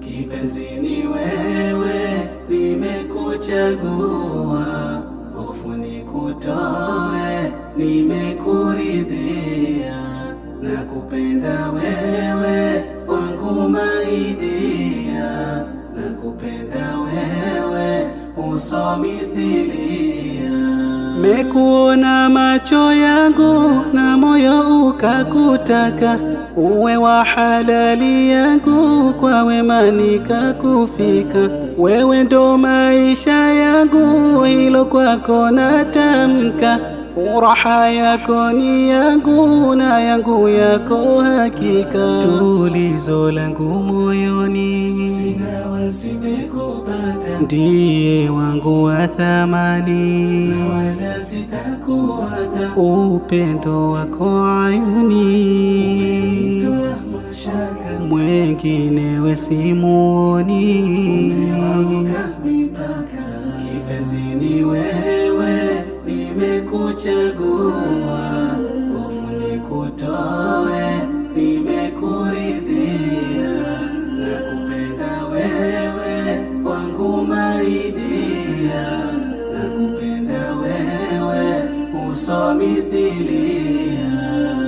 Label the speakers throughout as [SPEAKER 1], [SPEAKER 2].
[SPEAKER 1] Kipenzi ni wewe, nimekuchagua, hofu nikutoe, nimekuridhia, nakupenda wewe, wangu maidia, nakupenda wewe, uso
[SPEAKER 2] Mekuona macho yangu na moyo ukakutaka, uwe wa halali yangu kwa wema nikakufika. Wewe ndo maisha yangu, hilo kwako natamka. Furaha yako ni yangu na yangu yako hakika,
[SPEAKER 3] tulizo langu moyoni,
[SPEAKER 4] zimekupata,
[SPEAKER 3] ndiye wangu wa thamani, wala upendo wako ayuni, mwengine wesimuoni
[SPEAKER 1] uso mithilia.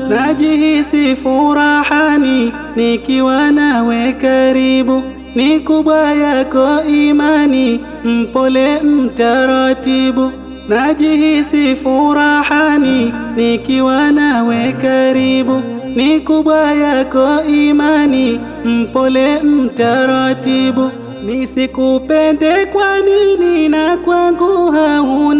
[SPEAKER 5] Najihisi furahani nikiwa nawe karibu, ni kubwa yako imani, mpole mtaratibu. Najihisi furahani nikiwa nawe karibu, ni kubwa yako imani, mpole mtaratibu. Nisikupende kwa nini na kwangu hauna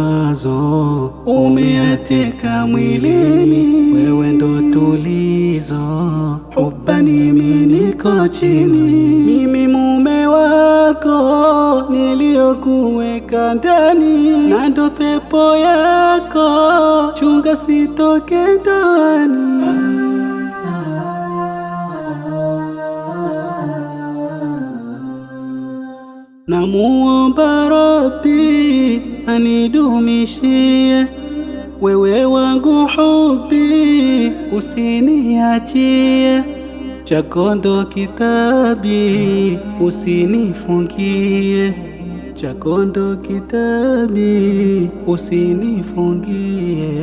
[SPEAKER 3] mawazo umeateka mwilini, wewe ndo tulizo hubani, mimi niko chini, mimi mume wako niliyokuweka ndani, na ndo pepo yako, chunga sitoke ndani Namuomba Rabbi anidumishie wewe wangu hubi, usiniachie chakondo kitabi, usinifungie chakondo kitabi, usinifungie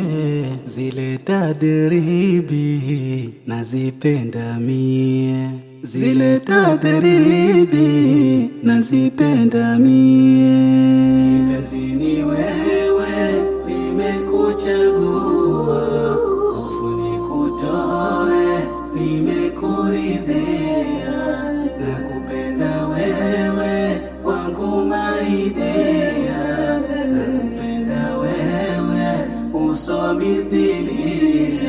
[SPEAKER 3] zile tadribi nazipenda mie zile tadribi nazipenda mie,
[SPEAKER 1] lazini wewe nimekuchagua, hofu nikutoe, nimekuridhia na kupenda wewe, wangu maridhia na kupenda wewe, usomithilia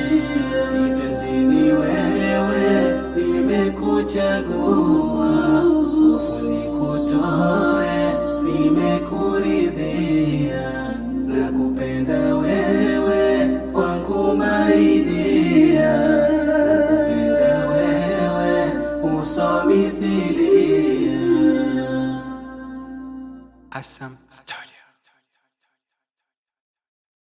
[SPEAKER 1] Asam
[SPEAKER 6] I am starting.